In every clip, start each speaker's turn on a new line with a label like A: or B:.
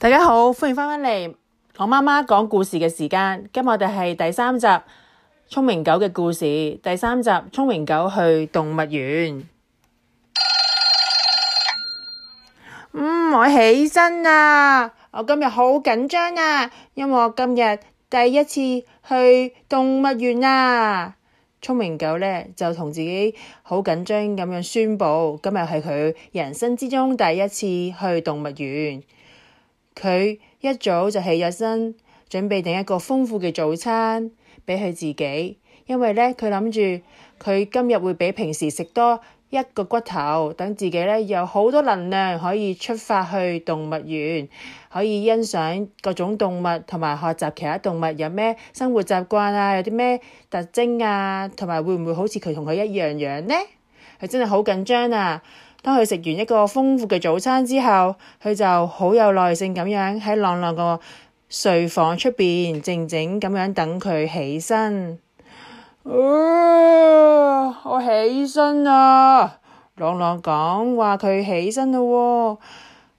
A: 大家好，歡迎返返嚟我媽媽講故事嘅時間。今日我哋係第三集聰明狗嘅故事，第三集聰明狗去動物園。嗯，我起身啦，我今日好緊張啊，因為我今日第一次去動物園啊。聰明狗呢，就同自己好緊張咁樣宣布，今日係佢人生之中第一次去動物園。佢一早就起咗身，準備定一個豐富嘅早餐俾佢自己，因為咧佢諗住佢今日會比平時食多一個骨頭，等自己咧有好多能量可以出發去動物園，可以欣賞各種動物，同埋學習其他動物有咩生活習慣啊，有啲咩特徵啊，同埋會唔會好似佢同佢一樣樣呢？佢真係好緊張啊！當佢食完一個豐富嘅早餐之後，佢就好有耐性咁樣喺朗朗個睡房出邊靜靜咁樣等佢起身。啊、呃！我起身啦！朗朗講話佢起身啦喎。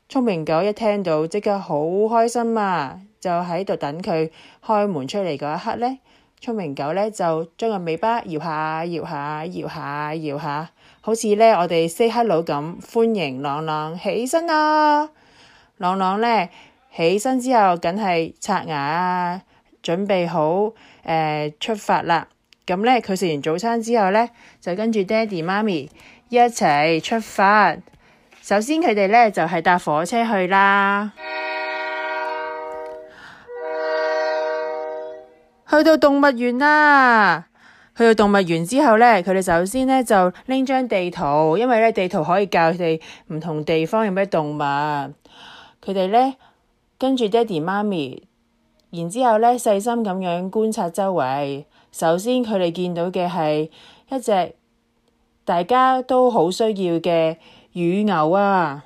A: 聰明狗一聽到即刻好開心啊，就喺度等佢開門出嚟嗰一刻咧，聰明狗咧就將個尾巴搖下搖下搖下搖下。搖下搖下搖下。好似咧，我哋 say hello 咁歡迎朗朗起身啦，啊。朗朗咧起身之後，梗係刷牙，啊，準備好誒、呃、出發啦。咁咧，佢食完早餐之後咧，就跟住爹哋媽咪一齊出發。首先佢哋咧就係、是、搭火車去啦，去到動物園啦。去到動物園之後呢，佢哋首先呢就拎張地圖，因為呢地圖可以教佢哋唔同地方有咩動物。佢哋呢跟住爹哋媽咪，然之後呢細心咁樣觀察周圍。首先佢哋見到嘅係一隻大家都好需要嘅乳牛啊！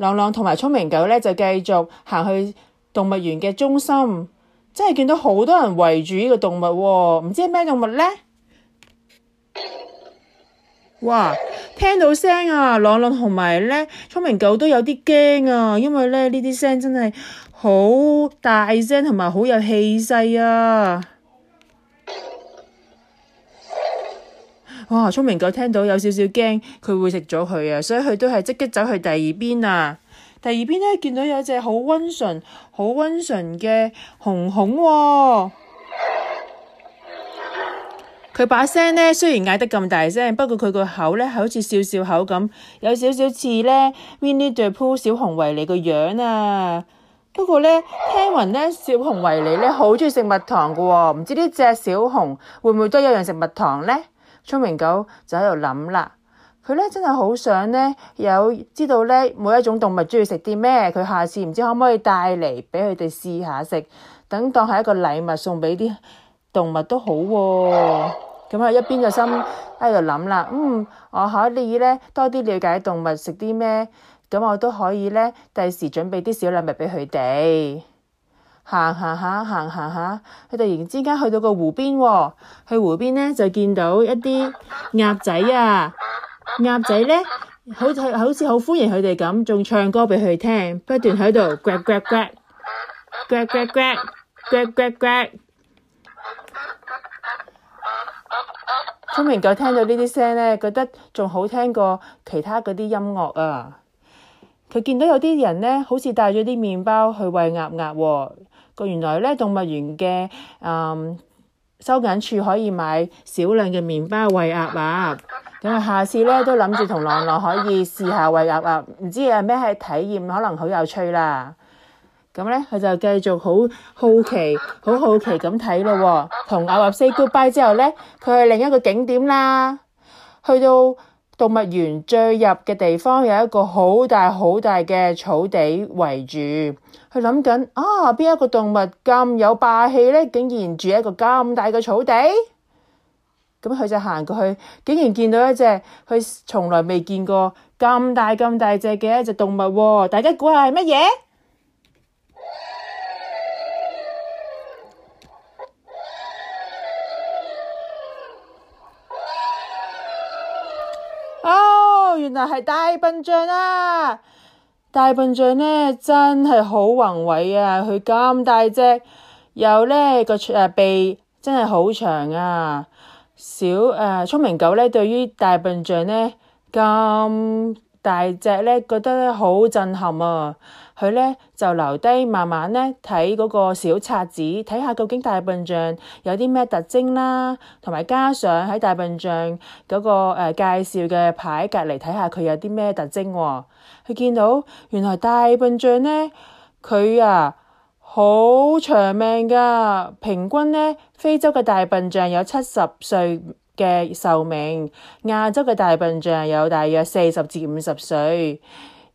A: 朗朗同埋聰明狗咧，就繼續行去動物園嘅中心，真係見到好多人圍住呢個動物，哦，唔知係咩動物咧？哇！聽到聲啊，朗朗同埋咧聰明狗都有啲驚啊，因為咧呢啲聲真係好大聲同埋好有氣勢啊！哇！聰明狗聽到有少少驚，佢會食咗佢啊，所以佢都係即刻走去第二邊啊。第二邊咧見到有隻好溫順、好溫順嘅熊熊，佢把聲咧雖然嗌得咁大聲，不過佢個口咧好似笑笑口咁，有少少似咧 Winnie the Pooh 小熊維尼個樣啊。不過咧，聽聞咧小熊維尼咧好中意食蜜糖噶喎、哦，唔知呢隻小熊會唔會都有人食蜜糖咧？聰明狗就喺度諗啦，佢咧真係好想咧有知道咧每一種動物中意食啲咩，佢下次唔知可唔可以帶嚟俾佢哋試下食，等當係一個禮物送俾啲動物都好咁啊。一邊個心喺度諗啦，嗯，我可以咧多啲了解動物食啲咩，咁我都可以咧第時準備啲小禮物俾佢哋。行行下，行行下，佢突然之間去到個湖邊，哦，去湖邊咧就見到一啲鴨仔啊，鴨仔咧好似好似好歡迎佢哋咁，仲唱歌畀佢聽，不斷喺度呱呱呱，呱呱呱，呱呱呱。聰明狗聽到呢啲聲咧，覺得仲好聽過其他嗰啲音樂啊。佢見到有啲人咧，好似帶咗啲麵包去餵鴨鴨。哦個原來咧動物園嘅誒收銀處可以買少量嘅麵包餵鴨鴨，咁啊下次咧都諗住同朗朗可以試下餵鴨鴨，唔知係咩嘢體驗，可能好有趣啦。咁咧佢就繼續好好奇，好好奇咁睇咯喎。同鴨鴨 say goodbye 之後咧，佢去另一個景點啦，去到。動物園最入嘅地方有一個好大好大嘅草地圍住，佢諗緊啊，邊一個動物咁有霸氣呢？竟然住一個咁大嘅草地，咁佢就行過去，竟然見到一隻佢從來未見過咁大咁大隻嘅一隻動物喎，大家估下係乜嘢？原來係大笨象啊！大笨象呢真係好宏偉啊！佢咁大隻，又呢個誒、呃、鼻真係好長啊！小誒聰、呃、明狗呢對於大笨象呢咁。大隻咧，覺得咧好震撼啊！佢咧就留低慢慢咧睇嗰個小冊子，睇下究竟大笨象有啲咩特徵啦、啊，同埋加上喺大笨象嗰、嗰個、呃、介紹嘅牌隔離睇下佢有啲咩特徵、啊。佢見到原來大笨象咧，佢啊好長命㗎，平均咧非洲嘅大笨象有七十歲嘅壽命，亞洲嘅大笨象有大約四十至五十歲，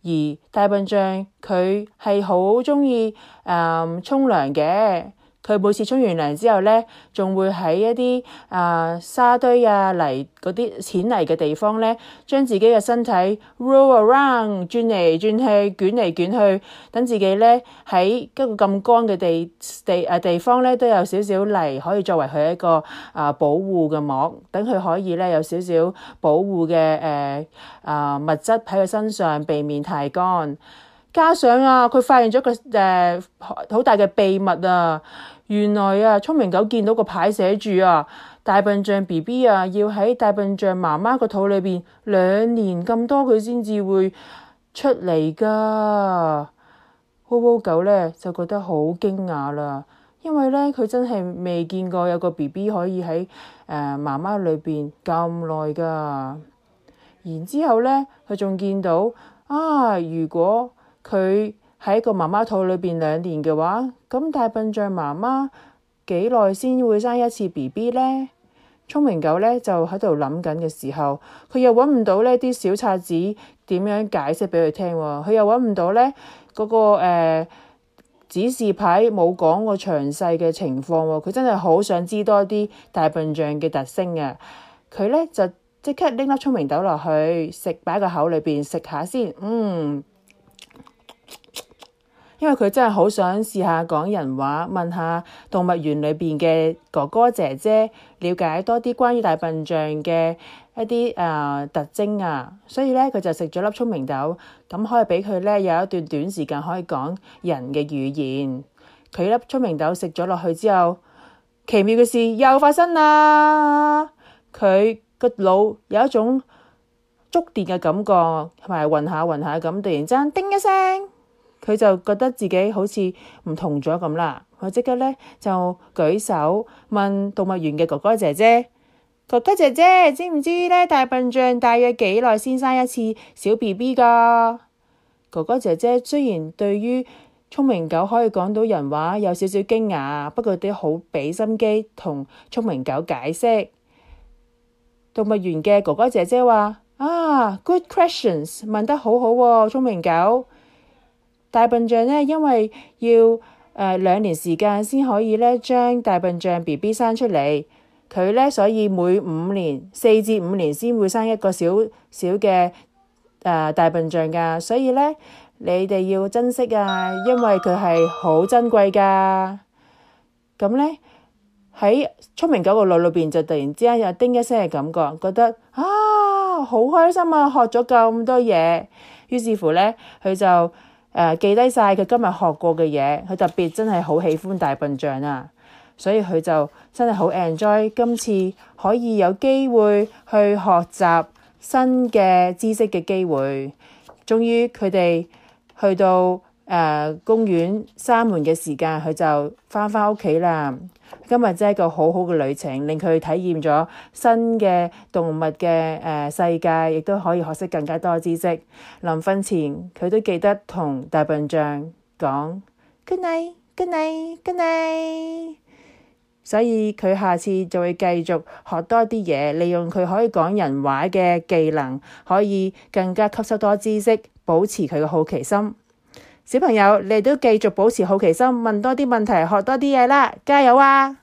A: 而大笨象佢係好鍾意，誒沖涼嘅。嗯佢每次沖完涼之後咧，仲會喺一啲啊沙堆啊泥嗰啲淺泥嘅地方咧，將自己嘅身體 roll around 轉嚟轉去，捲嚟捲去，等自己咧喺一個咁乾嘅地地啊地方咧，都有少少泥可以作為佢一個啊保護嘅膜，等佢可以咧有少少保護嘅誒啊物質喺佢身上，避免太乾。加上啊，佢發現咗個誒好大嘅秘密啊！原來啊，聰明狗見到個牌寫住啊，大笨象 B B 啊，要喺大笨象媽媽個肚裏邊兩年咁多，佢先至會出嚟噶。波波、哦哦、狗咧就覺得好驚訝啦，因為咧佢真係未見過有個 B B 可以喺誒、呃、媽媽裏邊咁耐噶。然之後咧，佢仲見到啊，如果佢，喺個媽媽肚裏邊兩年嘅話，咁大笨象媽媽幾耐先會生一次 B B 呢？聰明狗呢就喺度諗緊嘅時候，佢又揾唔到呢啲小冊子點樣解釋俾佢聽喎，佢又揾唔到呢、那、嗰個、呃、指示牌冇講過詳細嘅情況喎，佢真係好想知多啲大笨象嘅特徵啊！佢呢就即刻拎粒聰明豆落去食，擺個口裏邊食下先，嗯。因為佢真係好想試下講人話，問下動物園裏邊嘅哥哥姐姐，了解多啲關於大笨象嘅一啲誒、呃、特徵啊，所以呢，佢就食咗粒聰明豆，咁可以俾佢呢有一段短時間可以講人嘅語言。佢粒聰明豆食咗落去之後，奇妙嘅事又發生啦！佢個腦有一種觸電嘅感覺，同埋暈下暈下，咁突然之間叮一聲。佢就覺得自己好似唔同咗咁啦，佢即刻咧就舉手問動物園嘅哥哥姐姐。哥哥姐姐，知唔知咧，大笨象大約幾耐先生一次小 B B 噶？哥哥姐姐雖然對於聰明狗可以講到人話有少少驚訝，不過都好俾心機同聰明狗解釋。動物園嘅哥哥姐姐話：啊，good questions，問得好好喎、哦，聰明狗。大笨象咧，因為要誒、呃、兩年時間先可以咧將大笨象 BB 生出嚟，佢咧所以每五年四至五年先會生一個小小嘅誒、呃、大笨象㗎，所以咧你哋要珍惜啊，因為佢係好珍貴㗎。咁咧喺聰明狗個腦裏邊就突然之間有叮一聲嘅感覺，覺得啊好開心啊，學咗咁多嘢，於是乎咧佢就。誒，記低晒佢今日學過嘅嘢，佢特別真係好喜歡大笨象啊，所以佢就真係好 enjoy 今次可以有機會去學習新嘅知識嘅機會。終於佢哋去到。誒、uh, 公園閂門嘅時間，佢就返返屋企啦。今日真係一個好好嘅旅程，令佢體驗咗新嘅動物嘅誒、uh, 世界，亦都可以學識更加多知識。臨瞓前佢都記得同大笨象講 Good night, good night, good night。所以佢下次就會繼續學多啲嘢，利用佢可以講人話嘅技能，可以更加吸收多知識，保持佢嘅好奇心。小朋友，你哋都繼續保持好奇心，問多啲問題，學多啲嘢啦，加油啊！